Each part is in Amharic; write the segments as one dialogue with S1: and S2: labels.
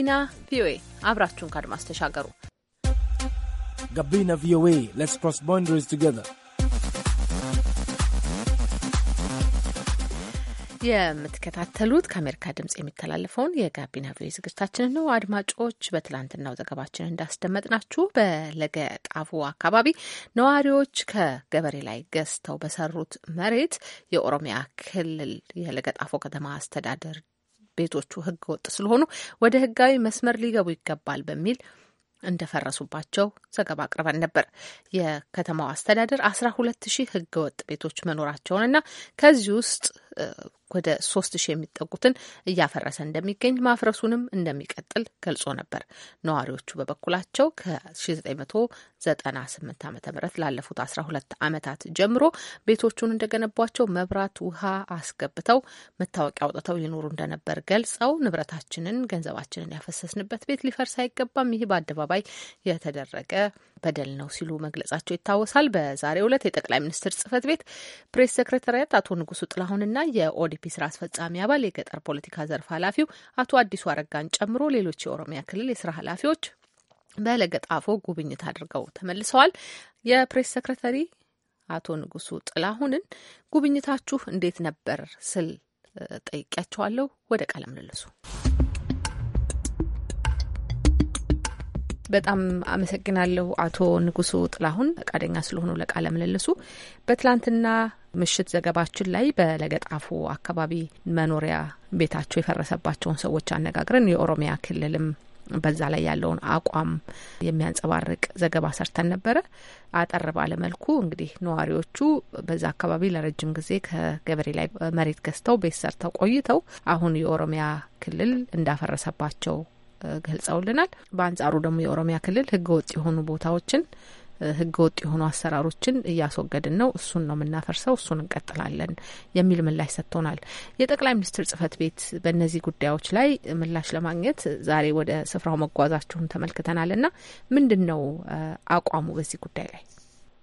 S1: ቢና ቪኦኤ አብራችሁን ከአድማስ ተሻገሩ።
S2: ጋቢና ቪኦኤ
S3: ሌትስ ክሮስ ቦንደሪስ ቱጌዘር።
S1: የምትከታተሉት ከአሜሪካ ድምጽ የሚተላለፈውን የጋቢና ቪኤ ዝግጅታችንን ነው። አድማጮች፣ በትላንትናው ዘገባችን እንዳስደመጥናችሁ በለገጣፎ አካባቢ ነዋሪዎች ከገበሬ ላይ ገዝተው በሰሩት መሬት የኦሮሚያ ክልል የለገጣፎ ከተማ አስተዳደር ቤቶቹ ህገወጥ ስለሆኑ ወደ ህጋዊ መስመር ሊገቡ ይገባል በሚል እንደፈረሱባቸው ዘገባ አቅርበን ነበር። የከተማው አስተዳደር አስራ ሁለት ሺህ ህገወጥ ቤቶች መኖራቸውንና ከዚህ ውስጥ ወደ ሶስት ሺህ የሚጠጉትን እያፈረሰ እንደሚገኝ ማፍረሱንም እንደሚቀጥል ገልጾ ነበር። ነዋሪዎቹ በበኩላቸው ከ1998 ዓ ም ላለፉት 12 ዓመታት ጀምሮ ቤቶቹን እንደገነቧቸው መብራት፣ ውሃ አስገብተው መታወቂያ አውጥተው ይኖሩ እንደነበር ገልጸው ንብረታችንን፣ ገንዘባችንን ያፈሰስንበት ቤት ሊፈርስ አይገባም፣ ይህ በአደባባይ የተደረገ በደል ነው ሲሉ መግለጻቸው ይታወሳል። በዛሬው ዕለት የጠቅላይ ሚኒስትር ጽህፈት ቤት ፕሬስ ሴክሬታሪያት አቶ ንጉሱ ጥላሁንና የኦዲፒ ስራ አስፈጻሚ አባል የገጠር ፖለቲካ ዘርፍ ኃላፊው አቶ አዲሱ አረጋን ጨምሮ ሌሎች የኦሮሚያ ክልል የስራ ኃላፊዎች በለገጣፎ ጉብኝት አድርገው ተመልሰዋል። የፕሬስ ሴክሬታሪ አቶ ንጉሱ ጥላሁንን ጉብኝታችሁ እንዴት ነበር ስል ጠይቂያቸዋለሁ። ወደ ቃለ ምልልሱ በጣም አመሰግናለሁ አቶ ንጉሱ ጥላሁን ፈቃደኛ ስለሆኑ ለቃለ ምልልሱ። በትላንትና ምሽት ዘገባችን ላይ በለገጣፎ አካባቢ መኖሪያ ቤታቸው የፈረሰባቸውን ሰዎች አነጋግረን የኦሮሚያ ክልልም በዛ ላይ ያለውን አቋም የሚያንጸባርቅ ዘገባ ሰርተን ነበረ። አጠር ባለመልኩ እንግዲህ ነዋሪዎቹ በዛ አካባቢ ለረጅም ጊዜ ከገበሬ ላይ መሬት ገዝተው ቤት ሰርተው ቆይተው አሁን የኦሮሚያ ክልል እንዳፈረሰባቸው ገልጸውልናል። በአንጻሩ ደግሞ የኦሮሚያ ክልል ህገወጥ የሆኑ ቦታዎችን ህገወጥ የሆኑ አሰራሮችን እያስወገድን ነው፣ እሱን ነው የምናፈርሰው፣ እሱን እንቀጥላለን የሚል ምላሽ ሰጥቶናል። የጠቅላይ ሚኒስትር ጽህፈት ቤት በእነዚህ ጉዳዮች ላይ ምላሽ ለማግኘት ዛሬ ወደ ስፍራው መጓዛችሁን ተመልክተናል እና ምንድን ነው አቋሙ በዚህ ጉዳይ ላይ?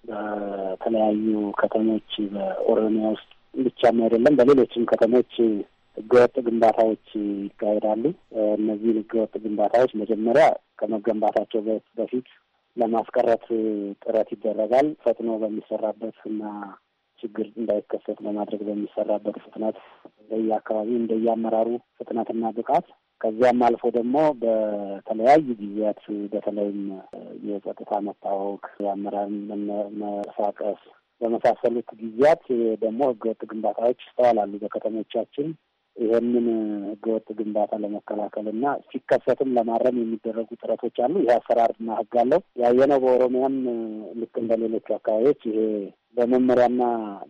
S2: በተለያዩ ከተሞች በኦሮሚያ ውስጥ ብቻም አይደለም በሌሎችም ከተሞች ህገወጥ ግንባታዎች ይካሄዳሉ። እነዚህን ህገወጥ ግንባታዎች መጀመሪያ ከመገንባታቸው በፊት ለማስቀረት ጥረት ይደረጋል። ፈጥኖ በሚሰራበት እና ችግር እንዳይከሰት ለማድረግ በሚሰራበት ፍጥነት እንደየ እንደየአመራሩ ፍጥነትና ብቃት ከዚያም አልፎ ደግሞ በተለያዩ ጊዜያት በተለይም የጸጥታ መታወክ፣ የአመራር መንቀሳቀስ በመሳሰሉት ጊዜያት ደግሞ ህገወጥ ግንባታዎች ይስተዋላሉ በከተሞቻችን። ይህንን ህገወጥ ግንባታ ለመከላከል እና ሲከሰትም ለማረም የሚደረጉ ጥረቶች አሉ። ይህ አሰራርና ህግ አለው። ያየነው በኦሮሚያም ልክ እንደ ሌሎቹ አካባቢዎች ይሄ በመመሪያና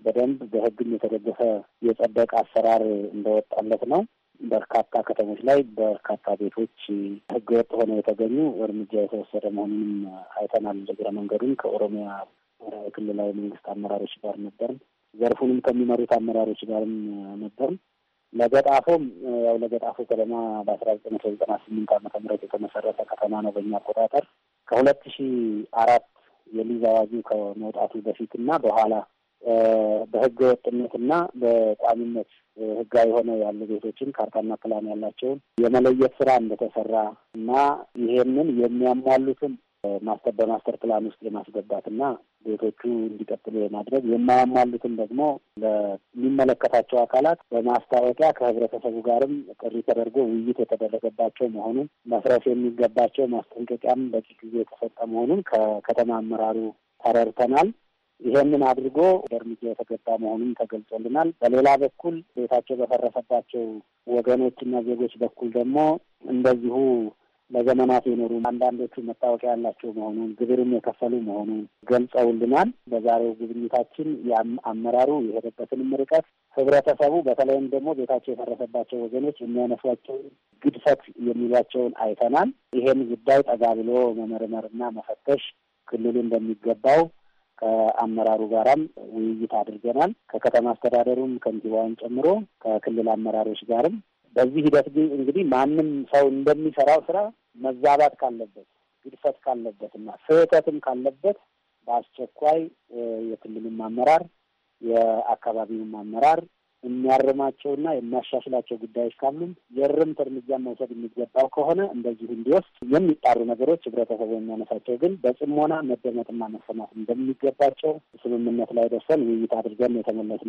S2: በደንብ በህግም የተደገፈ የጸደቀ አሰራር እንደወጣለት ነው። በርካታ ከተሞች ላይ በርካታ ቤቶች ህገወጥ ሆነው የተገኙ እርምጃ የተወሰደ መሆኑንም አይተናል። እግረ መንገዱን ከኦሮሚያ ክልላዊ መንግስት አመራሮች ጋር ነበርን። ዘርፉንም ከሚመሩት አመራሮች ጋርም ነበርን። ለገጣፎም ያው ለገጣፎ ከተማ በአስራ ዘጠኝ መቶ ዘጠና ስምንት ዓመተ ምህረት የተመሰረተ ከተማ ነው በእኛ አቆጣጠር ከሁለት ሺ አራት የሊዝ አዋጁ ከመውጣቱ በፊትና በኋላ በህገ ወጥነትና በቋሚነት ህጋዊ ሆነ ያሉ ቤቶችን ካርታና ፕላን ያላቸውን የመለየት ስራ እንደተሰራ እና ይሄንን የሚያሟሉትን ማስተር በማስተር ፕላን ውስጥ የማስገባት እና ቤቶቹ እንዲቀጥሉ የማድረግ የማያሟሉትን ደግሞ ለሚመለከታቸው አካላት በማስታወቂያ ከህብረተሰቡ ጋርም ጥሪ ተደርጎ ውይይት የተደረገባቸው መሆኑን መፍረስ የሚገባቸው ማስጠንቀቂያም በቂ ጊዜ የተሰጠ መሆኑን ከከተማ አመራሩ ተረድተናል። ይሄንን አድርጎ በእርምጃ የተገባ መሆኑን ተገልጾልናል። በሌላ በኩል ቤታቸው በፈረሰባቸው ወገኖችና ዜጎች በኩል ደግሞ እንደዚሁ ለዘመናት የኖሩ አንዳንዶቹ መታወቂያ ያላቸው መሆኑን ግብርም የከፈሉ መሆኑን ገልጸውልናል። በዛሬው ጉብኝታችን አመራሩ የሄደበትንም ርቀት ህብረተሰቡ፣ በተለይም ደግሞ ቤታቸው የፈረሰባቸው ወገኖች የሚያነሷቸው ግድፈት የሚሏቸውን አይተናል። ይሄን ጉዳይ ጠጋ ብሎ መመርመርና መፈተሽ ክልሉ እንደሚገባው ከአመራሩ ጋራም ውይይት አድርገናል። ከከተማ አስተዳደሩም ከንቲባውን ጨምሮ ከክልል አመራሮች ጋርም በዚህ ሂደት እንግዲህ ማንም ሰው እንደሚሰራው ስራ መዛባት ካለበት፣ ግድፈት ካለበት እና ስህተትም ካለበት በአስቸኳይ የክልሉም አመራር የአካባቢውም አመራር የሚያርማቸውና የሚያሻሽላቸው ጉዳዮች ካሉም የእርምት እርምጃ መውሰድ የሚገባው ከሆነ እንደዚሁ እንዲወስድ የሚጣሩ ነገሮች ህብረተሰቡ የሚያነሳቸው ግን በጽሞና መደመጥና መሰማት እንደሚገባቸው ስምምነት ላይ ደርሰን ውይይት አድርገን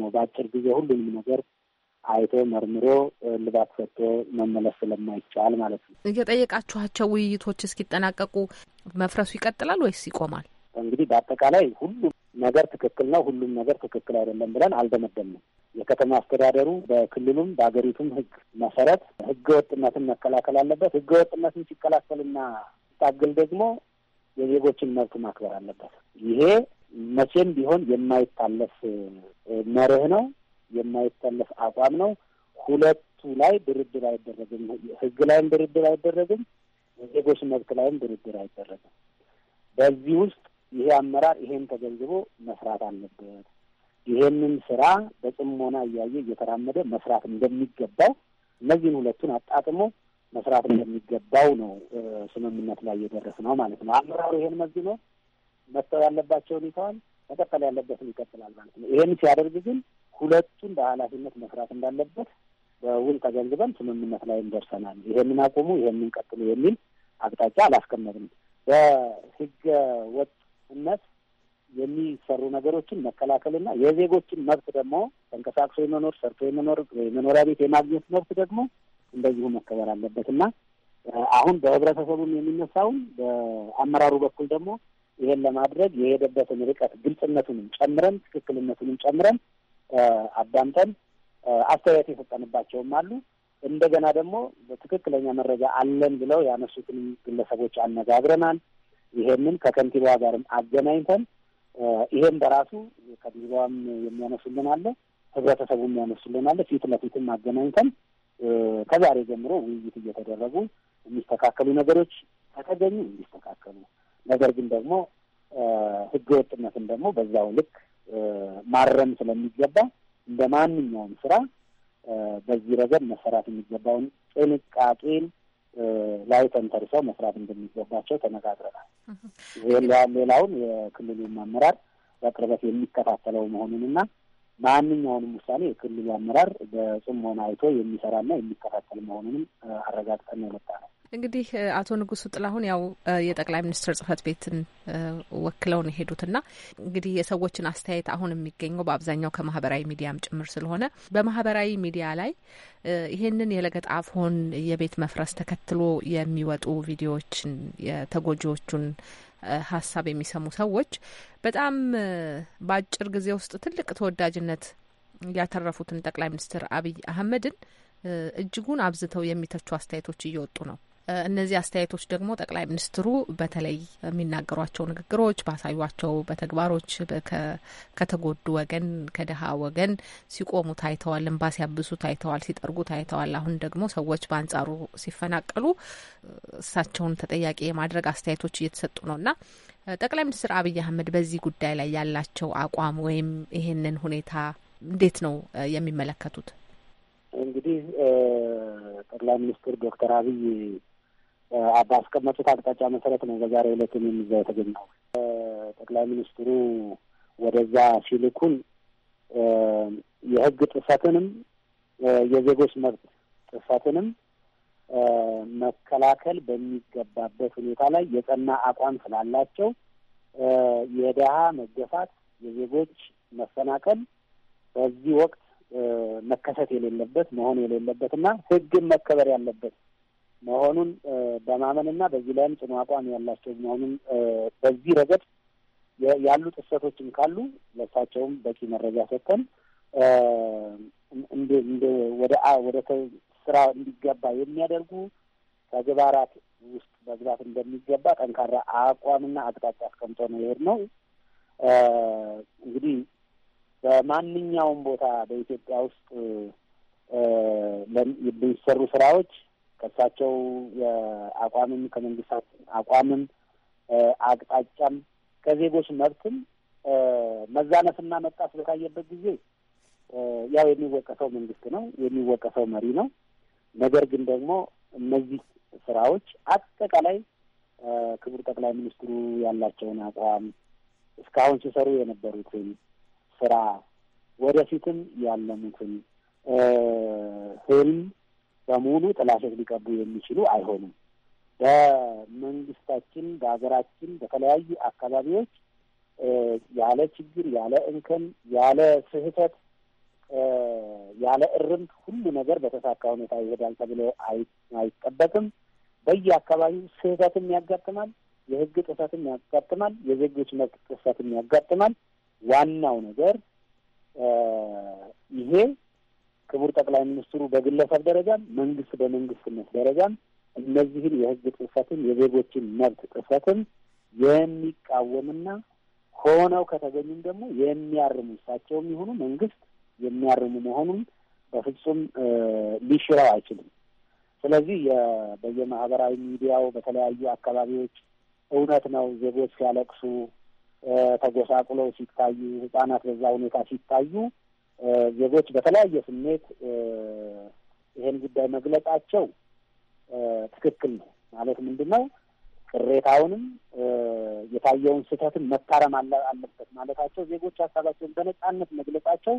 S2: ነው። በአጭር ጊዜ ሁሉንም ነገር አይቶ መርምሮ እልባት ሰጥቶ መመለስ ስለማይቻል ማለት
S1: ነው። የጠየቃችኋቸው ውይይቶች እስኪጠናቀቁ መፍረሱ ይቀጥላል ወይስ ይቆማል?
S2: እንግዲህ በአጠቃላይ ሁሉም ነገር ትክክል ነው፣ ሁሉም ነገር ትክክል አይደለም ብለን አልደመደምንም። የከተማ አስተዳደሩ በክልሉም በሀገሪቱም ሕግ መሰረት ሕገ ወጥነትን መከላከል አለበት። ሕገ ወጥነትን ሲከላከልና ሲታገል ደግሞ የዜጎችን መብት ማክበር አለበት። ይሄ መቼም ቢሆን የማይታለፍ መርህ ነው። የማይታለፍ አቋም ነው። ሁለቱ ላይ ድርድር አይደረግም። ህግ ላይም ድርድር አይደረግም። የዜጎች መብት ላይም ድርድር አይደረግም። በዚህ ውስጥ ይሄ አመራር ይሄን ተገንዝቦ መስራት አለበት። ይሄንን ስራ በጽሞና እያየ እየተራመደ መስራት እንደሚገባው እነዚህን ሁለቱን አጣጥሞ መስራት እንደሚገባው ነው ስምምነት ላይ እየደረስ ነው ማለት ነው። አመራሩ ይሄን መዝኖ መተው ያለባቸውን ይተዋል፣ መቀጠል ያለበትን ይቀጥላል ማለት ነው። ይሄን ሲያደርግ ግን ሁለቱን በኃላፊነት መስራት እንዳለበት በውል ተገንዝበን ስምምነት ላይም ደርሰናል። ይሄንን አቁሙ፣ ይሄንን ቀጥሉ የሚል አቅጣጫ አላስቀመጥም።
S4: በህገ
S2: ወጥነት የሚሰሩ ነገሮችን መከላከልና የዜጎችን መብት ደግሞ ተንቀሳቅሶ የመኖር ሰርቶ የመኖር የመኖሪያ ቤት የማግኘት መብት ደግሞ እንደዚሁ መከበር አለበት እና አሁን በህብረተሰቡም የሚነሳውን በአመራሩ በኩል ደግሞ ይሄን ለማድረግ የሄደበትን ርቀት ግልጽነቱንም ጨምረን ትክክልነቱንም ጨምረን አዳምጠን አስተያየት የሰጠንባቸውም አሉ። እንደገና ደግሞ በትክክለኛ መረጃ አለን ብለው ያነሱትን ግለሰቦች አነጋግረናል። ይሄንን ከከንቲባዋ ጋርም አገናኝተን ይሄም በራሱ ከቢሮዋም የሚያነሱልን አለ፣ ህብረተሰቡ የሚያነሱልን አለ። ፊት ለፊትም አገናኝተን ከዛሬ ጀምሮ ውይይት እየተደረጉ የሚስተካከሉ ነገሮች ከተገኙ እንዲስተካከሉ፣ ነገር ግን ደግሞ ህገ ወጥነትን ደግሞ በዛው ልክ ማረም ስለሚገባ እንደ ማንኛውም ስራ በዚህ ረገድ መሰራት የሚገባውን ጥንቃቄን ላይ ተንተርሰው መስራት እንደሚገባቸው ተነጋግረናል። ሌላውን የክልሉን አመራር በቅርበት የሚከታተለው መሆኑንና ማንኛውንም ውሳኔ የክልሉ አመራር በጽሞና አይቶ የሚሰራና የሚከታተል መሆኑንም አረጋግጠን የመጣ ነው።
S1: እንግዲህ አቶ ንጉሱ ጥላሁን ያው የጠቅላይ ሚኒስትር ጽህፈት ቤትን ወክለው ነው የሄዱትና እንግዲህ የሰዎችን አስተያየት አሁን የሚገኘው በአብዛኛው ከማህበራዊ ሚዲያም ጭምር ስለሆነ በማህበራዊ ሚዲያ ላይ ይህንን የለገጣፎን የቤት መፍረስ ተከትሎ የሚወጡ ቪዲዮዎችን የተጎጂዎቹን ሀሳብ የሚሰሙ ሰዎች በጣም በአጭር ጊዜ ውስጥ ትልቅ ተወዳጅነት ያተረፉትን ጠቅላይ ሚኒስትር አብይ አህመድን እጅጉን አብዝተው የሚተቹ አስተያየቶች እየወጡ ነው። እነዚህ አስተያየቶች ደግሞ ጠቅላይ ሚኒስትሩ በተለይ የሚናገሯቸው ንግግሮች ባሳዩቸው በተግባሮች ከተጎዱ ወገን ከድሀ ወገን ሲቆሙ ታይተዋል። እንባ ሲያብሱ ታይተዋል። ሲጠርጉ ታይተዋል። አሁን ደግሞ ሰዎች በአንጻሩ ሲፈናቀሉ እሳቸውን ተጠያቂ የማድረግ አስተያየቶች እየተሰጡ ነውና ጠቅላይ ሚኒስትር አብይ አህመድ በዚህ ጉዳይ ላይ ያላቸው አቋም ወይም ይህንን ሁኔታ እንዴት ነው የሚመለከቱት?
S2: እንግዲህ ጠቅላይ ሚኒስትር ዶክተር አብይ ባስቀመጡት አቅጣጫ መሰረት ነው በዛሬ ዕለትም የሚዛ የተገኘው። ጠቅላይ ሚኒስትሩ ወደዛ ሲልኩን የህግ ጥሰትንም የዜጎች መብት ጥሰትንም መከላከል በሚገባበት ሁኔታ ላይ የጸና አቋም ስላላቸው የድሀ መገፋት፣ የዜጎች መፈናቀል በዚህ ወቅት መከሰት የሌለበት መሆን የሌለበት እና ህግን መከበር ያለበት መሆኑን በማመንና በዚህ ላይም ጽኑ አቋም ያላቸው መሆኑን በዚህ ረገድ ያሉ ጥሰቶችም ካሉ ለእሳቸውም በቂ መረጃ ሰጥተን እንደ ወደ ወደ ስራ እንዲገባ የሚያደርጉ ተግባራት ውስጥ መግባት እንደሚገባ ጠንካራ አቋምና አቅጣጫ አስቀምጦ ነው ይሄድ ነው። እንግዲህ በማንኛውም ቦታ በኢትዮጵያ ውስጥ የሚሰሩ ስራዎች ከእሳቸው የአቋምም ከመንግስታት አቋምም አቅጣጫም ከዜጎች መብትም መዛነፍና መጣስ በታየበት ጊዜ ያው የሚወቀሰው መንግስት ነው፣ የሚወቀሰው መሪ ነው። ነገር ግን ደግሞ እነዚህ ስራዎች አጠቃላይ ክቡር ጠቅላይ ሚኒስትሩ ያላቸውን አቋም እስካሁን ሲሰሩ የነበሩትን ስራ ወደፊትም ያለሙትን ህልም በሙሉ ጥላሸት ሊቀቡ የሚችሉ አይሆኑም። በመንግስታችን፣ በሀገራችን በተለያዩ አካባቢዎች ያለ ችግር፣ ያለ እንከን፣ ያለ ስህተት፣ ያለ እርምት ሁሉ ነገር በተሳካ ሁኔታ ይሄዳል ተብሎ አይጠበቅም። በየአካባቢው ስህተትም ያጋጥማል፣ የህግ ጥሰትም ያጋጥማል፣ የዜጎች መብት ጥሰትም ያጋጥማል። ዋናው ነገር ይሄ ክቡር ጠቅላይ ሚኒስትሩ በግለሰብ ደረጃም መንግስት በመንግስትነት ደረጃም እነዚህን የህግ ጥሰትን የዜጎችን መብት ጥሰትን የሚቃወምና ሆነው ከተገኙም ደግሞ የሚያርሙ እሳቸውም የሆኑ መንግስት የሚያርሙ መሆኑን በፍጹም ሊሽረው አይችልም። ስለዚህ በየማህበራዊ ሚዲያው በተለያዩ አካባቢዎች እውነት ነው ዜጎች ሲያለቅሱ ተጎሳቁለው ሲታዩ ህጻናት በዛ ሁኔታ ሲታዩ ዜጎች በተለያየ ስሜት ይሄን ጉዳይ መግለጻቸው ትክክል ነው ማለት ምንድን ነው? ቅሬታውንም የታየውን ስህተትን መታረም አለበት ማለታቸው፣ ዜጎች ሀሳባቸውን በነጻነት መግለጻቸው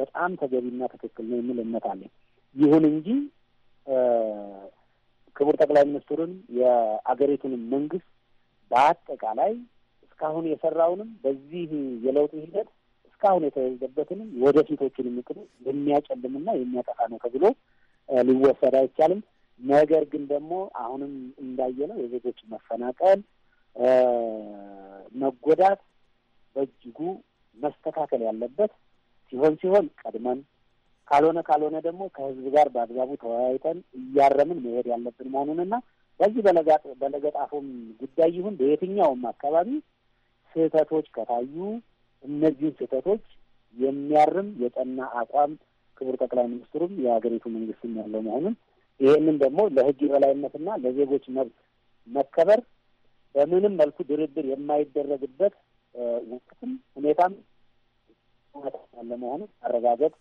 S2: በጣም ተገቢና ትክክል ነው የሚል እምነት አለኝ። ይሁን እንጂ ክቡር ጠቅላይ ሚኒስትሩን የአገሪቱንም መንግስት በአጠቃላይ እስካሁን የሰራውንም በዚህ የለውጥ ሂደት እስካሁን የተወዘበትንም ወደፊቶቹን እቅድ የሚያጨልምና የሚያጠፋ ነው ተብሎ ሊወሰድ አይቻልም። ነገር ግን ደግሞ አሁንም እንዳየነው የዜጎች መፈናቀል፣ መጎዳት በእጅጉ መስተካከል ያለበት ሲሆን ሲሆን ቀድመን ካልሆነ ካልሆነ ደግሞ ከህዝብ ጋር በአግባቡ ተወያይተን እያረምን መሄድ ያለብን መሆኑንና በዚህ በለገጣፎም ጉዳይ ይሁን በየትኛውም አካባቢ ስህተቶች ከታዩ እነዚህን ስህተቶች የሚያርም የጠና አቋም ክቡር ጠቅላይ ሚኒስትሩም የሀገሪቱ መንግስትም ያለው መሆኑን ይህንም ደግሞ ለህግ የበላይነትና ለዜጎች መብት መከበር በምንም መልኩ ድርድር የማይደረግበት ወቅትም ሁኔታም ያለ መሆኑ ማረጋገጥ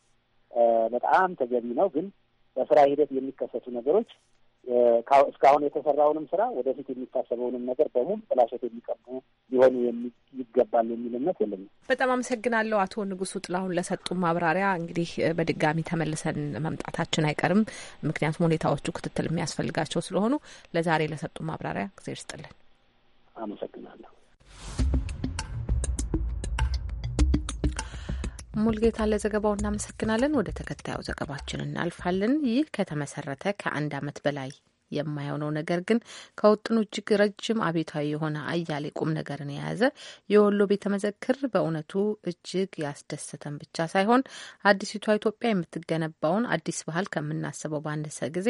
S2: በጣም ተገቢ ነው። ግን በስራ ሂደት የሚከሰቱ ነገሮች እስካሁን የተሰራውንም ስራ ወደፊት የሚታሰበውንም ነገር በሙሉ ጥላሸት የሚቀቡ ሊሆኑ ይገባል የሚል እምነት የለኝም።
S1: በጣም አመሰግናለሁ አቶ ንጉሱ ጥላሁን ለሰጡ ማብራሪያ። እንግዲህ በድጋሚ ተመልሰን መምጣታችን አይቀርም፣ ምክንያቱም ሁኔታዎቹ ክትትል የሚያስፈልጋቸው ስለሆኑ ለዛሬ ለሰጡ ማብራሪያ ጊዜ ይስጥልን።
S2: አመሰግናለሁ።
S1: ሙልጌታ ለዘገባው እናመሰግናለን። ወደ ተከታዩ ዘገባችን እናልፋለን። ይህ ከተመሰረተ ከአንድ አመት በላይ የማይሆነው ነገር ግን ከውጥኑ እጅግ ረጅም አቤታዊ የሆነ አያሌ ቁም ነገርን የያዘ የወሎ ቤተ መዘክር በእውነቱ እጅግ ያስደሰተን ብቻ ሳይሆን አዲሲቷ ኢትዮጵያ የምትገነባውን አዲስ ባህል ከምናስበው ባነሰ ጊዜ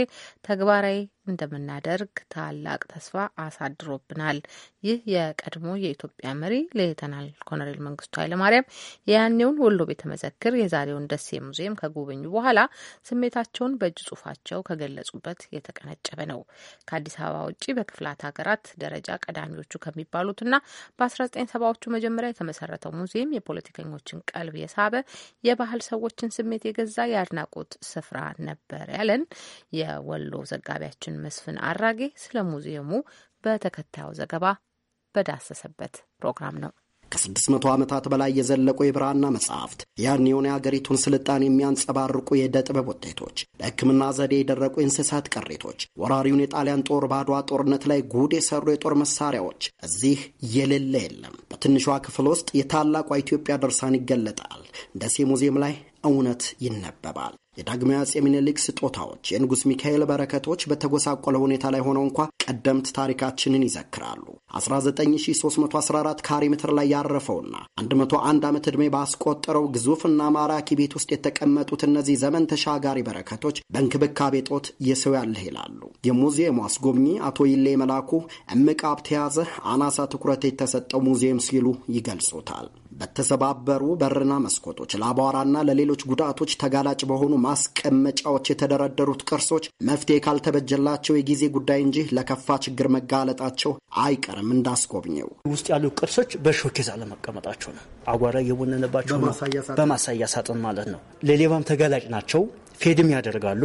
S1: ተግባራዊ እንደምናደርግ ታላቅ ተስፋ አሳድሮብናል። ይህ የቀድሞ የኢትዮጵያ መሪ ሌተናል ኮሎኔል መንግስቱ ኃይለማርያም የያኔውን ወሎ ቤተ መዘክር የዛሬውን ደሴ ሙዚየም ከጎበኙ በኋላ ስሜታቸውን በእጅ ጽሁፋቸው ከገለጹበት የተቀነጨበ ነው። ከአዲስ አበባ ውጭ በክፍላት ሀገራት ደረጃ ቀዳሚዎቹ ከሚባሉትና በ1970ዎቹ መጀመሪያ የተመሰረተው ሙዚየም የፖለቲከኞችን ቀልብ የሳበ የባህል ሰዎችን ስሜት የገዛ የአድናቆት ስፍራ ነበር ያለን የወሎ ዘጋቢያችን መስፍን አራጌ ስለ ሙዚየሙ በተከታዩ ዘገባ በዳሰሰበት ፕሮግራም ነው።
S5: ከስድስት መቶ ዓመታት በላይ የዘለቁ የብራና መጽሐፍት ያን የሆነ የአገሪቱን ስልጣን የሚያንጸባርቁ የዕደ ጥበብ ውጤቶች፣ ለሕክምና ዘዴ የደረቁ የእንስሳት ቅሪቶች፣ ወራሪውን የጣሊያን ጦር በአድዋ ጦርነት ላይ ጉድ የሰሩ የጦር መሳሪያዎች እዚህ የሌለ የለም። በትንሿ ክፍል ውስጥ የታላቋ ኢትዮጵያ ድርሳን ይገለጣል። ደሴ ሙዚየም ላይ እውነት ይነበባል። የዳግማዊ አጼ ምኒልክ ስጦታዎች፣ የንጉሥ ሚካኤል በረከቶች በተጎሳቆለ ሁኔታ ላይ ሆነው እንኳ ቀደምት ታሪካችንን ይዘክራሉ። 19314 ካሬ ሜትር ላይ ያረፈውና 101 ዓመት ዕድሜ ባስቆጠረው ግዙፍና ማራኪ ቤት ውስጥ የተቀመጡት እነዚህ ዘመን ተሻጋሪ በረከቶች በእንክብካቤ ጦት የሰው ያለህ ይላሉ የሙዚየሙ አስጎብኚ አቶ ይሌ መላኩ። እምቅ ሀብት የያዘ አናሳ ትኩረት የተሰጠው ሙዚየም ሲሉ ይገልጹታል። በተሰባበሩ በርና መስኮቶች ለአቧራና ለሌሎች ጉዳቶች ተጋላጭ በሆኑ ማስቀመጫዎች የተደረደሩት ቅርሶች መፍትሄ ካልተበጀላቸው የጊዜ ጉዳይ እንጂ ለከፋ ችግር መጋለጣቸው አይቀርም። እንዳስጎብኘው ውስጥ ያሉ ቅርሶች በሾኬዝ አለመቀመጣቸው ነው። አጓራ እየቦነነባቸው በማሳያ ሳጥን ማለት ነው። ለሌባም ተጋላጭ ናቸው። ፌድም ያደርጋሉ።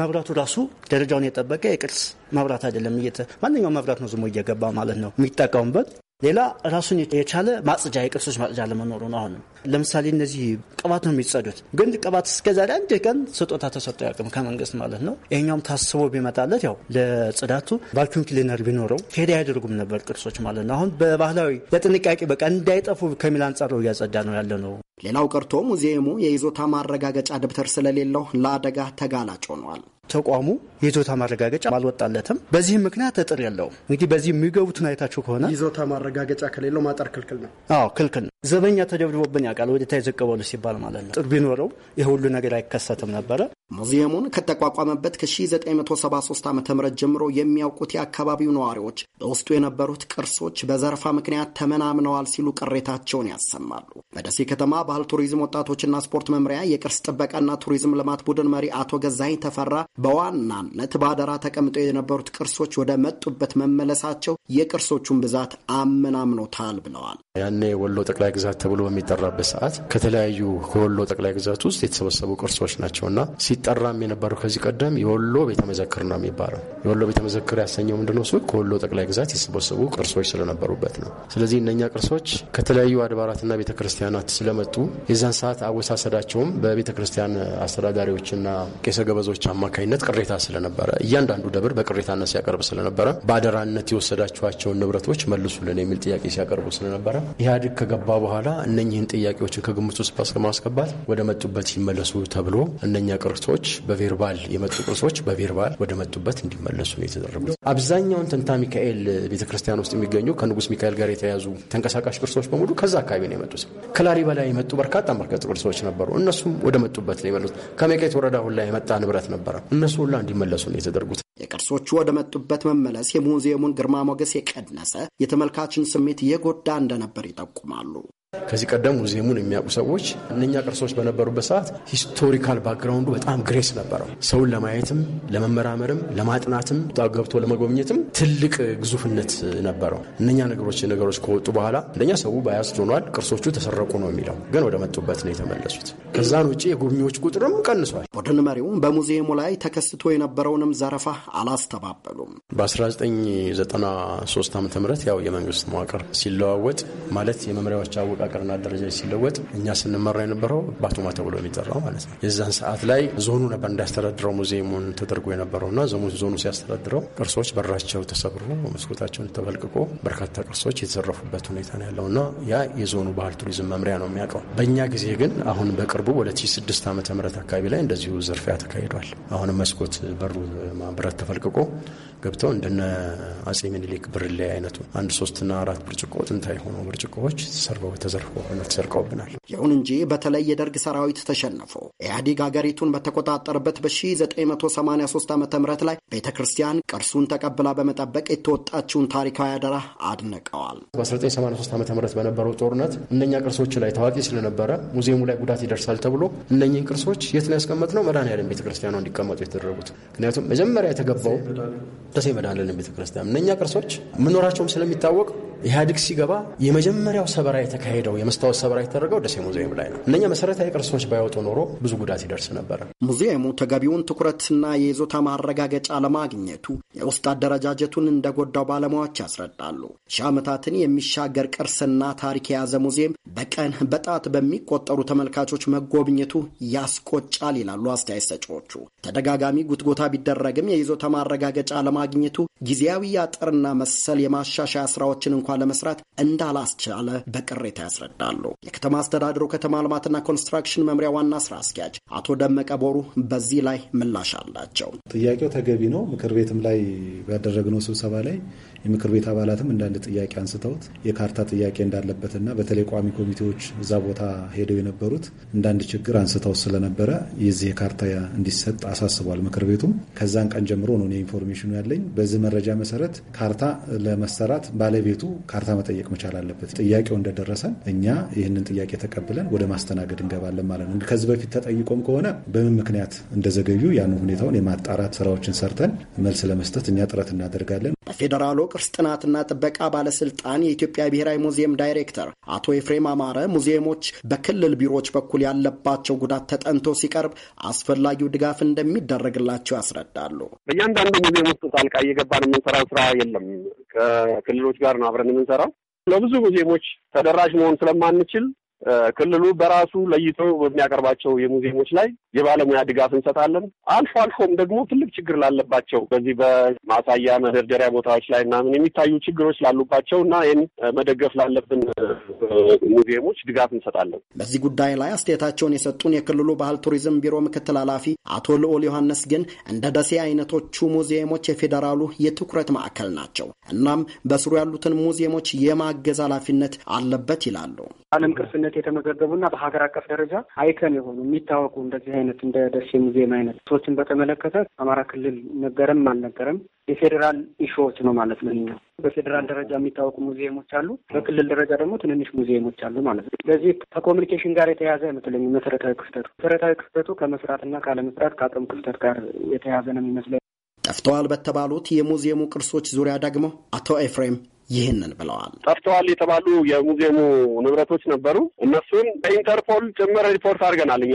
S5: መብራቱ ራሱ ደረጃውን የጠበቀ የቅርስ መብራት አይደለም። ማንኛውም መብራት ነው ዝሞ እየገባ ማለት ነው የሚጠቀሙበት። ሌላ ራሱን የቻለ ማጽጃ የቅርሶች ማጽጃ ለመኖሩ ነው። አሁንም ለምሳሌ እነዚህ ቅባት ነው የሚጸዱት፣ ግን ቅባት እስከዛሬ አንድ ቀን ስጦታ ተሰጥቶ ያቅም ከመንግስት ማለት ነው። ይሄኛውም ታስቦ ቢመጣለት ያው ለጽዳቱ ቫኪዩም ክሊነር ቢኖረው ሄደ አያደርጉም ነበር ቅርሶች ማለት ነው። አሁን በባህላዊ ለጥንቃቄ በቃ እንዳይጠፉ ከሚል አንጻር እያጸዳ ነው ያለ ነው። ሌላው ቀርቶ ሙዚየሙ የይዞታ ማረጋገጫ ደብተር ስለሌለው ለአደጋ ተጋላጭ ሆኗል። ተቋሙ የይዞታ ማረጋገጫ አልወጣለትም። በዚህም ምክንያት እጥር የለውም። እንግዲህ በዚህ የሚገቡትን አይታችሁ ከሆነ ይዞታ ማረጋገጫ ከሌለው ማጠር ክልክል ነው። አዎ ክልክል ነው። ዘበኛ ተደብድቦብን ያውቃል። ወደታ የዘቀበሉ ሲባል ማለት ነው። ጥር ቢኖረው ይህ ሁሉ ነገር አይከሰትም ነበረ። ሙዚየሙን ከተቋቋመበት ከ1973 ዓ ም ጀምሮ የሚያውቁት የአካባቢው ነዋሪዎች በውስጡ የነበሩት ቅርሶች በዘረፋ ምክንያት ተመናምነዋል ሲሉ ቅሬታቸውን ያሰማሉ። በደሴ ከተማ ባህል ቱሪዝም ወጣቶችና ስፖርት መምሪያ የቅርስ ጥበቃና ቱሪዝም ልማት ቡድን መሪ አቶ ገዛኝ ተፈራ በዋናነት በአደራ ተቀምጠው የነበሩት ቅርሶች ወደ መጡበት መመለሳቸው የቅርሶቹን ብዛት አመናምኖታል ብለዋል።
S3: ያኔ ወሎ ጠቅላይ ግዛት ተብሎ በሚጠራበት ሰዓት ከተለያዩ ከወሎ ጠቅላይ ግዛት ውስጥ የተሰበሰቡ ቅርሶች ናቸው እና ሲጠራም የነበረው ከዚህ ቀደም የወሎ ቤተመዘክር ነው የሚባለው። የወሎ ቤተመዘክር ያሰኘው ምንድነው? እሱ ከወሎ ጠቅላይ ግዛት የተሰበሰቡ ቅርሶች ስለነበሩበት ነው። ስለዚህ እነኛ ቅርሶች ከተለያዩ አድባራትና ቤተክርስቲያናት ስለመጡ የዛን ሰዓት አወሳሰዳቸውም በቤተክርስቲያን አስተዳዳሪዎችና ቄሰ ገበዞች አማካኝ አማካኝነት ቅሬታ ስለነበረ እያንዳንዱ ደብር በቅሬታነት ሲያቀርብ ስለነበረ በአደራነት የወሰዳችኋቸውን ንብረቶች መልሱልን የሚል ጥያቄ ሲያቀርቡ ስለነበረ ኢህአዴግ ከገባ በኋላ እነህን ጥያቄዎችን ከግምት ውስጥ በማስገባት ወደ መጡበት ይመለሱ ተብሎ እነኛ ቅርሶች በቬርባል የመጡ ቅርሶች በቬርባል ወደ መጡበት እንዲመለሱ ነው የተደረጉት። አብዛኛውን ተንታ ሚካኤል ቤተክርስቲያን ውስጥ የሚገኙ ከንጉስ ሚካኤል ጋር የተያዙ ተንቀሳቃሽ ቅርሶች በሙሉ ከዛ አካባቢ ነው የመጡት። ከላሊበላ የመጡ በርካታ መርከጥ ቅርሶች ነበሩ። እነሱም ወደ መጡበት ነው የመሉት። ከመቄት ወረዳ ሁላ የመጣ ንብረት ነበረ። እነሱ ሁላ እንዲመለሱ ነው የተደርጉት።
S5: የቅርሶቹ ወደ መጡበት መመለስ የሙዚየሙን ግርማ ሞገስ የቀነሰ፣ የተመልካችን ስሜት የጎዳ እንደነበር ይጠቁማሉ።
S3: ከዚህ ቀደም ሙዚየሙን የሚያውቁ ሰዎች እነኛ ቅርሶች በነበሩበት ሰዓት ሂስቶሪካል ባክግራውንዱ በጣም ግሬስ ነበረው። ሰውን ለማየትም ለመመራመርም ለማጥናትም ገብቶ ለመጎብኘትም ትልቅ ግዙፍነት ነበረው። እነኛ ነገሮች ነገሮች ከወጡ በኋላ እንደኛ ሰው ባያስ ሆኗል። ቅርሶቹ ተሰረቁ ነው የሚለው ግን ወደ መጡበት ነው የተመለሱት።
S5: ከዛን ውጭ የጎብኚዎች ቁጥርም ቀንሷል። ቡድን መሪውም በሙዚየሙ ላይ ተከስቶ የነበረውንም ዘረፋ አላስተባበሉም።
S3: በ1993 ዓ ም ያው የመንግስት መዋቅር ሲለዋወጥ ማለት የመምሪያዎች አወቃ አቀርና አደረጃጀት ሲለወጥ እኛ ስንመራ የነበረው ባቱማ ተብሎ የሚጠራው ማለት ነው። የዛን ሰዓት ላይ ዞኑ ነበር እንዳያስተዳድረው ሙዚየሙን ተደርጎ የነበረውና ዞኑ ሲያስተዳድረው ቅርሶች በራቸው ተሰብሮ መስኮታቸውን ተፈልቅቆ በርካታ ቅርሶች የተዘረፉበት ሁኔታ ነው ያለውና ያ የዞኑ ባህል ቱሪዝም መምሪያ ነው የሚያውቀው። በእኛ ጊዜ ግን አሁን በቅርቡ 2006 ዓ.ም አካባቢ ላይ እንደዚሁ ዝርፊያ ተካሂዷል። አሁንም መስኮት በሩ ብረት ተፈልቅቆ ገብተው እንደነ አጼ ምኒልክ ብርሌ አይነቱ አንድ ሶስትና አራት ብርጭቆ ጥንታዊ የሆኑ ብርጭቆዎች ተሰርበው ተሰርቀውብናል።
S5: ይሁን እንጂ በተለይ የደርግ ሰራዊት ተሸንፎ ኢህአዲግ ሀገሪቱን በተቆጣጠረበት በ1983 ዓ ም ላይ ቤተ ክርስቲያን ቅርሱን ተቀብላ በመጠበቅ የተወጣችውን ታሪካዊ አደራ
S3: አድንቀዋል። በ1983 ዓ ም በነበረው ጦርነት እነኛ ቅርሶች ላይ ታዋቂ ስለነበረ ሙዚየሙ ላይ ጉዳት ይደርሳል ተብሎ እነኚህን ቅርሶች የት ነው ያስቀመጥነው? መድኃኔዓለም ቤተክርስቲያኗ እንዲቀመጡ የተደረጉት ምክንያቱም መጀመሪያ የተገባው ደሴ መድኃኔዓለም ቤተክርስቲያን እነኛ ቅርሶች መኖራቸውም ስለሚታወቅ ኢህአዲግ ሲገባ የመጀመሪያው ሰበራ የተካሄደው የመስታወት ሰበራ የተደረገው ደሴ ሙዚየም ላይ ነው።
S5: እነኛ መሰረታዊ ቅርሶች ባይወጡ ኖሮ ብዙ ጉዳት ይደርስ ነበረ። ሙዚየሙ ተገቢውን ትኩረትና የይዞታ ማረጋገጫ ለማግኘቱ የውስጥ አደረጃጀቱን እንደጎዳው ባለሙያዎች ያስረዳሉ። ሺህ ዓመታትን የሚሻገር ቅርስና ታሪክ የያዘ ሙዚየም በቀን በጣት በሚቆጠሩ ተመልካቾች መጎብኘቱ ያስቆጫል ይላሉ አስተያየት ሰጪዎቹ። ተደጋጋሚ ጉትጎታ ቢደረግም የይዞታ ማረጋገጫ ለማግኘቱ ጊዜያዊ አጥርና መሰል የማሻሻያ ስራዎችን እንኳ ለመስራት እንዳላስቻለ በቅሬታ ያስረዳሉ። የከተማ አስተዳደሩ ከተማ ልማትና ኮንስትራክሽን መምሪያ ዋና ስራ አስኪያጅ አቶ ደመቀ ቦሩ በዚህ ላይ ምላሽ አላቸው።
S3: ጥያቄው ተገቢ ነው። ምክር ቤትም ላይ ባደረግነው ስብሰባ ላይ የምክር ቤት አባላትም እንዳንድ ጥያቄ አንስተውት የካርታ ጥያቄ እንዳለበትና በተለይ ቋሚ ኮሚቴዎች እዛ ቦታ ሄደው የነበሩት እንዳንድ ችግር አንስተውት ስለነበረ የዚህ የካርታ እንዲሰጥ አሳስቧል ምክር ቤቱም። ከዛን ቀን ጀምሮ ነው ኢንፎርሜሽኑ ያለኝ። በዚህ መረጃ መሰረት ካርታ ለመሰራት ባለቤቱ ካርታ መጠየቅ መቻል አለበት። ጥያቄው እንደደረሰን እኛ ይህንን ጥያቄ ተቀብለን ወደ ማስተናገድ እንገባለን ማለት ነው። ከዚህ በፊት ተጠይቆም ከሆነ በምን ምክንያት እንደዘገዩ ያን ሁኔታውን የማጣራት ስራዎችን ሰርተን መልስ ለመስጠት እኛ ጥረት እናደርጋለን።
S5: በፌዴራሉ ቅርስ ጥናትና ጥበቃ ባለስልጣን የኢትዮጵያ ብሔራዊ ሙዚየም ዳይሬክተር አቶ ኤፍሬም አማረ ሙዚየሞች በክልል ቢሮዎች በኩል ያለባቸው ጉዳት ተጠንቶ ሲቀርብ አስፈላጊው ድጋፍ እንደሚደረግላቸው ያስረዳሉ።
S3: በእያንዳንዱ ሙዚየም ውስጥ ጣልቃ እየገባን የምንሰራው ስራ የለም። ከክልሎች ጋር ነው አብረን የምንሰራው። ለብዙ ሙዚየሞች ተደራሽ መሆን ስለማንችል ክልሉ በራሱ ለይቶ በሚያቀርባቸው የሙዚየሞች ላይ የባለሙያ ድጋፍ እንሰጣለን። አልፎ አልፎም ደግሞ ትልቅ ችግር ላለባቸው በዚህ በማሳያ መደርደሪያ ቦታዎች ላይ ምናምን የሚታዩ ችግሮች ላሉባቸው እና ይህን መደገፍ ላለብን ሙዚየሞች ድጋፍ እንሰጣለን።
S5: በዚህ ጉዳይ ላይ አስተያየታቸውን የሰጡን የክልሉ ባህል ቱሪዝም ቢሮ ምክትል ኃላፊ አቶ ልዑል ዮሐንስ ግን እንደ ደሴ አይነቶቹ ሙዚየሞች የፌዴራሉ የትኩረት ማዕከል ናቸው። እናም በስሩ ያሉትን ሙዚየሞች የማገዝ ኃላፊነት አለበት ይላሉ።
S2: ዓለም ቅርስነት የተመዘገቡና በሀገር አቀፍ ደረጃ አይከን የሆኑ የሚታወቁ እንደዚህ አይነት እንደ ደሴ ሙዚየም አይነት ሰዎችን በተመለከተ አማራ ክልል ነገረም አልነገረም የፌዴራል ኢሾዎች ነው ማለት ነው። ይኛው በፌዴራል ደረጃ የሚታወቁ ሙዚየሞች አሉ፣ በክልል ደረጃ ደግሞ ትንንሽ ሙዚየሞች አሉ ማለት ነው። ስለዚህ ከኮሚኒኬሽን ጋር የተያዘ አይመስለኝ መሰረታዊ ክፍተቱ መሰረታዊ ክፍተቱ ከመስራትና ካለመስራት
S5: ከአቅም ክፍተት ጋር የተያዘ ነው የሚመስለኝ። ጠፍተዋል በተባሉት የሙዚየሙ ቅርሶች ዙሪያ ደግሞ አቶ ኤፍሬም ይህንን ብለዋል።
S3: ጠፍተዋል የተባሉ የሙዚየሙ ንብረቶች ነበሩ። እነሱን በኢንተርፖል ጭምር ሪፖርት አድርገናል እኛ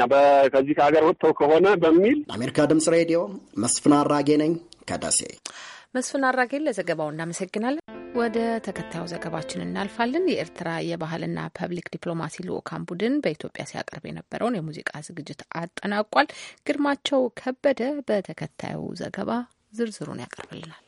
S3: ከዚህ ከሀገር ወጥተው ከሆነ በሚል።
S5: ለአሜሪካ ድምጽ ሬዲዮ መስፍን አራጌ ነኝ ከደሴ።
S1: መስፍን አራጌን ለዘገባው እናመሰግናለን። ወደ ተከታዩ ዘገባችን እናልፋለን። የኤርትራ የባህልና ፐብሊክ ዲፕሎማሲ ልዑካን ቡድን በኢትዮጵያ ሲያቀርብ የነበረውን የሙዚቃ ዝግጅት አጠናቋል። ግርማቸው ከበደ በተከታዩ ዘገባ ዝርዝሩን ያቀርብልናል።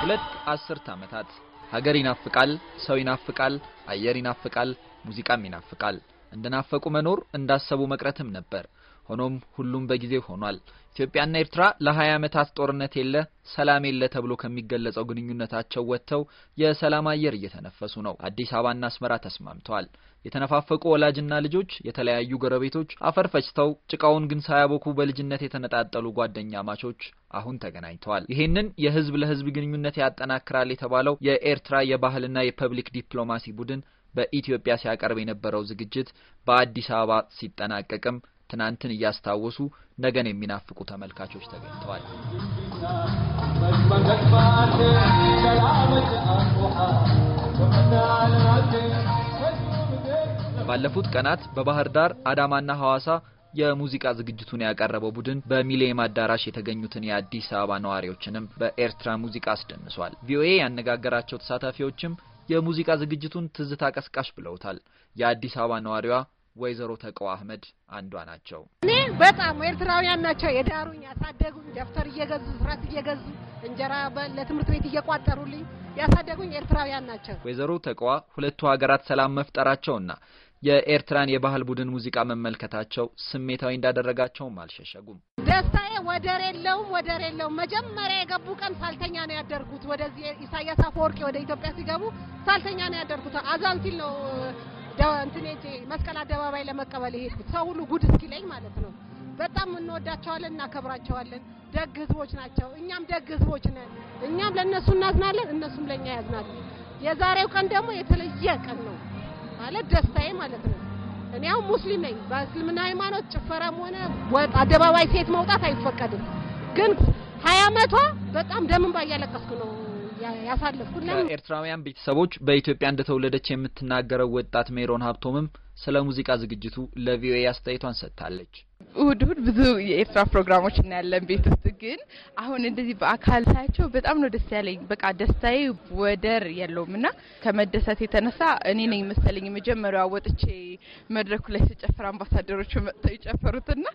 S6: ሁለት አስርት ዓመታት ሀገር ይናፍቃል፣ ሰው ይናፍቃል፣ አየር ይናፍቃል፣ ሙዚቃም ይናፍቃል። እንደናፈቁ መኖር እንዳሰቡ መቅረትም ነበር። ሆኖም ሁሉም በጊዜ ሆኗል። ኢትዮጵያና ኤርትራ ለ20 ዓመታት ጦርነት የለ ሰላም የለ ተብሎ ከሚገለጸው ግንኙነታቸው ወጥተው የሰላም አየር እየተነፈሱ ነው። አዲስ አበባና አስመራ ተስማምተዋል። የተነፋፈቁ ወላጅና ልጆች፣ የተለያዩ ጎረቤቶች አፈር ፈጭተው ጭቃውን ግን ሳያቦኩ በልጅነት የተነጣጠሉ ጓደኛ ማቾች አሁን ተገናኝተዋል። ይህንን የህዝብ ለህዝብ ግንኙነት ያጠናክራል የተባለው የኤርትራ የባህልና የፐብሊክ ዲፕሎማሲ ቡድን በኢትዮጵያ ሲያቀርብ የነበረው ዝግጅት በአዲስ አበባ ሲጠናቀቅም ትናንትን እያስታወሱ ነገን የሚናፍቁ ተመልካቾች ተገኝተዋል። ባለፉት ቀናት በባህር ዳር፣ አዳማና ሐዋሳ የሙዚቃ ዝግጅቱን ያቀረበው ቡድን በሚሌኒየም አዳራሽ የተገኙትን የአዲስ አበባ ነዋሪዎችንም በኤርትራ ሙዚቃ አስደንሷል። ቪኦኤ ያነጋገራቸው ተሳታፊዎችም የሙዚቃ ዝግጅቱን ትዝታ ቀስቃሽ ብለውታል። የአዲስ አበባ ነዋሪዋ ወይዘሮ ተቀው አህመድ አንዷ ናቸው።
S1: እኔ በጣም ኤርትራውያን ናቸው የዳሩኝ፣ ያሳደጉኝ፣ ደብተር እየገዙ ስራት እየገዙ እንጀራ ለትምህርት ቤት እየቋጠሩልኝ ያሳደጉኝ ኤርትራውያን ናቸው።
S6: ወይዘሮ ተቀዋ ሁለቱ ሀገራት ሰላም መፍጠራቸውና የኤርትራን የባህል ቡድን ሙዚቃ መመልከታቸው ስሜታዊ እንዳደረጋቸውም አልሸሸጉም።
S1: ደስታዬ ወደር የለውም ወደር የለውም። መጀመሪያ የገቡ ቀን ሳልተኛ ነው ያደርጉት። ወደዚህ ኢሳያስ አፈወርቂ ወደ ኢትዮጵያ ሲገቡ ሳልተኛ ነው ያደርጉት። አዛንሲል ነው እንትኔ መስቀል አደባባይ ለመቀበል የሄድኩት ሰው ሁሉ ጉድ እስኪለኝ ማለት ነው። በጣም እንወዳቸዋለን፣ እናከብራቸዋለን። ደግ ህዝቦች ናቸው። እኛም ደግ ህዝቦች ነን። እኛም ለእነሱ እናዝናለን፣ እነሱም ለእኛ ያዝናሉ። የዛሬው ቀን ደግሞ የተለየ ቀን ነው ማለት ደስታዬ ማለት ነው። እኔ ያው ሙስሊም ነኝ። በእስልምና ሃይማኖት ጭፈራም ሆነ ወጥ አደባባይ ሴት መውጣት አይፈቀድም። ግን ሀያ ዓመቷ በጣም ደምን ባያለቀስኩ ነው ያሳለፍኩት።
S6: ኤርትራውያን ቤተሰቦች በኢትዮጵያ እንደተወለደች የምትናገረው ወጣት ሜሮን ሀብቶምም ስለ ሙዚቃ ዝግጅቱ ለቪኦኤ አስተያየቷን ሰጥታለች።
S4: እሁድ እሁድ ብዙ የኤርትራ ፕሮግራሞች እናያለን ቤት ውስጥ ግን አሁን እንደዚህ በአካል ሳያቸው በጣም ነው ደስ ያለኝ። በቃ ደስታዬ ወደር የለውም እና ከመደሰት የተነሳ እኔ ነኝ መሰለኝ መጀመሪያ ወጥቼ መድረኩ ላይ ስጨፍር አምባሳደሮቹ መጥተው የጨፈሩትና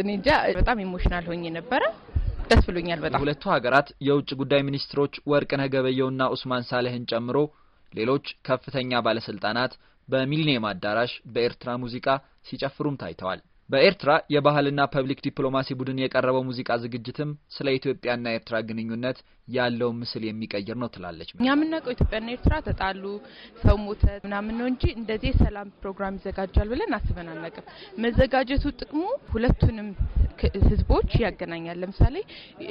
S4: እኔ እንጃ በጣም ኢሞሽናል ሆኜ ነበረ። ደስ ብሎኛል በጣም።
S6: ሁለቱ ሀገራት የውጭ ጉዳይ ሚኒስትሮች ወርቅነህ ገበየሁና ኡስማን ሳልህን ጨምሮ ሌሎች ከፍተኛ ባለስልጣናት በሚሊኒየም አዳራሽ በኤርትራ ሙዚቃ ሲጨፍሩም ታይተዋል። በኤርትራ የባህልና ፐብሊክ ዲፕሎማሲ ቡድን የቀረበው ሙዚቃ ዝግጅትም ስለ ኢትዮጵያና ኤርትራ ግንኙነት ያለውን ምስል የሚቀይር ነው ትላለች። እኛ
S4: የምናውቀው ኢትዮጵያና ኤርትራ ተጣሉ፣ ሰው ሞተ ምናምን ነው እንጂ እንደዚህ የሰላም ፕሮግራም ይዘጋጃል ብለን አስበን አናውቅም። መዘጋጀቱ ጥቅሙ ሁለቱንም ህዝቦች ያገናኛል። ለምሳሌ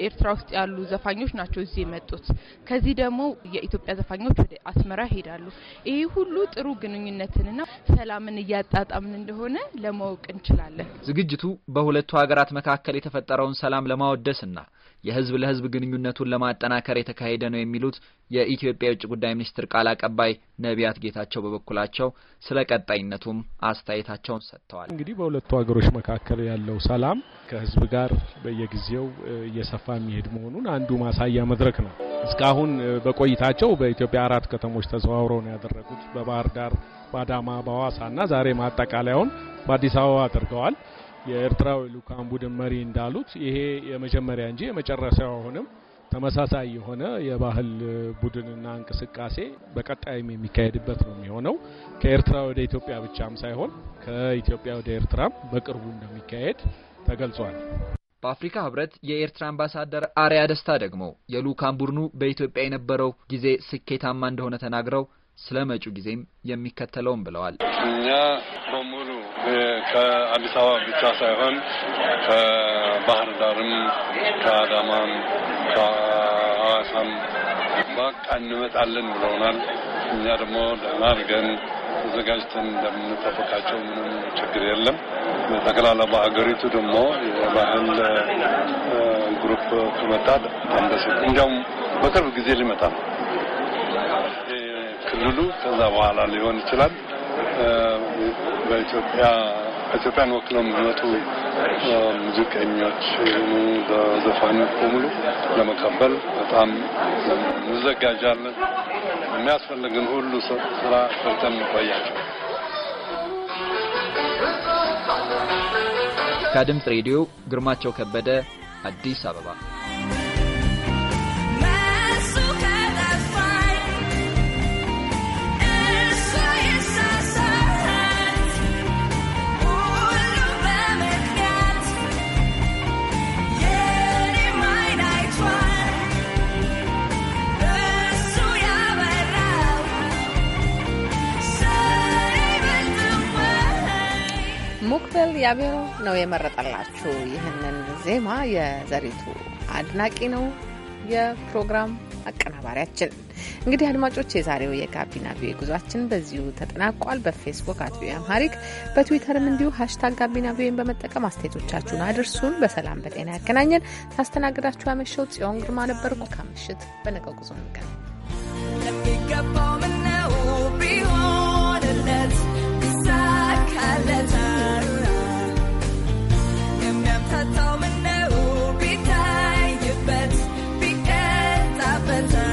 S4: ኤርትራ ውስጥ ያሉ ዘፋኞች ናቸው እዚህ የመጡት። ከዚህ ደግሞ የኢትዮጵያ ዘፋኞች ወደ አስመራ ይሄዳሉ። ይህ ሁሉ ጥሩ ግንኙነትንና ሰላምን እያጣጣምን እንደሆነ ለማወቅ እንችላለን።
S6: ዝግጅቱ በሁለቱ ሀገራት መካከል የተፈጠረውን ሰላም ለማወደስና የህዝብ ለህዝብ ግንኙነቱን ለማጠናከር የተካሄደ ነው የሚሉት የኢትዮጵያ የውጭ ጉዳይ ሚኒስትር ቃል አቀባይ ነቢያት ጌታቸው በበኩላቸው ስለ ቀጣይነቱም አስተያየታቸውን ሰጥተዋል።
S3: እንግዲህ በሁለቱ ሀገሮች መካከል ያለው ሰላም ከህዝብ ጋር በየጊዜው እየሰፋ የሚሄድ መሆኑን አንዱ ማሳያ መድረክ ነው። እስካሁን በቆይታቸው በኢትዮጵያ አራት ከተሞች ተዘዋውረው ነው ያደረጉት። በባህር ዳር፣ በአዳማ፣ እና ዛሬ ማጠቃለያውን በአዲስ አበባ አድርገዋል። የኤርትራዊ ልዑካን ቡድን መሪ እንዳሉት ይሄ የመጀመሪያ እንጂ የመጨረሻው አይሆንም። ተመሳሳይ የሆነ የባህል ቡድንና እንቅስቃሴ በቀጣይም የሚካሄድበት ነው የሚሆነው።
S6: ከኤርትራ ወደ ኢትዮጵያ ብቻም ሳይሆን ከኢትዮጵያ ወደ ኤርትራም በቅርቡ እንደሚካሄድ ተገልጿል። በአፍሪካ ህብረት የኤርትራ አምባሳደር አሪያ ደስታ ደግሞ የልዑካን ቡድኑ በኢትዮጵያ የነበረው ጊዜ ስኬታማ እንደሆነ ተናግረው ስለ መጪው ጊዜም የሚከተለውም ብለዋል።
S2: እኛ በሙሉ ከአዲስ አበባ ብቻ ሳይሆን ከባህር ዳርም፣
S6: ከአዳማም፣
S2: ከአዋሳም በቃ እንመጣለን ብለውናል። እኛ ደግሞ ደህና አድርገን
S4: ተዘጋጅተን እንደምንጠበቃቸው ምንም ችግር የለም። በጠቅላላ በሀገሪቱ ደግሞ የባህል ግሩፕ ከመጣ በጣም ደስ እንዲያውም በቅርብ ጊዜ ሊመጣ ነው ክልሉ ከዛ በኋላ ሊሆን ይችላል በኢትዮጵያ ኢትዮጵያን ወክለው የሚመጡ
S2: ሙዚቀኞች የሆኑ ዘፋኞች በሙሉ ለመቀበል በጣም እንዘጋጃለን። የሚያስፈልግን ሁሉ ስራ ሰርተን እንቆያቸው።
S6: ከድምፅ ሬዲዮ ግርማቸው ከበደ አዲስ አበባ
S1: ሙክበል ያቤሮ ነው የመረጠላችሁ። ይህንን ዜማ የዘሪቱ አድናቂ ነው የፕሮግራም አቀናባሪያችን። እንግዲህ አድማጮች የዛሬው የጋቢና ቪኦኤ ጉዟችን በዚሁ ተጠናቋል። በፌስቡክ አት ቪኦኤ አምሃሪክ በትዊተርም እንዲሁ ሀሽታግ ጋቢና ቪኦኤን በመጠቀም አስተያየቶቻችሁን አድርሱን። በሰላም በጤና ያገናኘን። ታስተናግዳችሁ ያመሸው ጽዮን ግርማ ነበርኩ። ከምሽት በነገው ጉዞ እንገናኝ።
S7: ቢሆንለት ይሳካለታል אתה טוב מנעו בידי יבט ביקט הבטה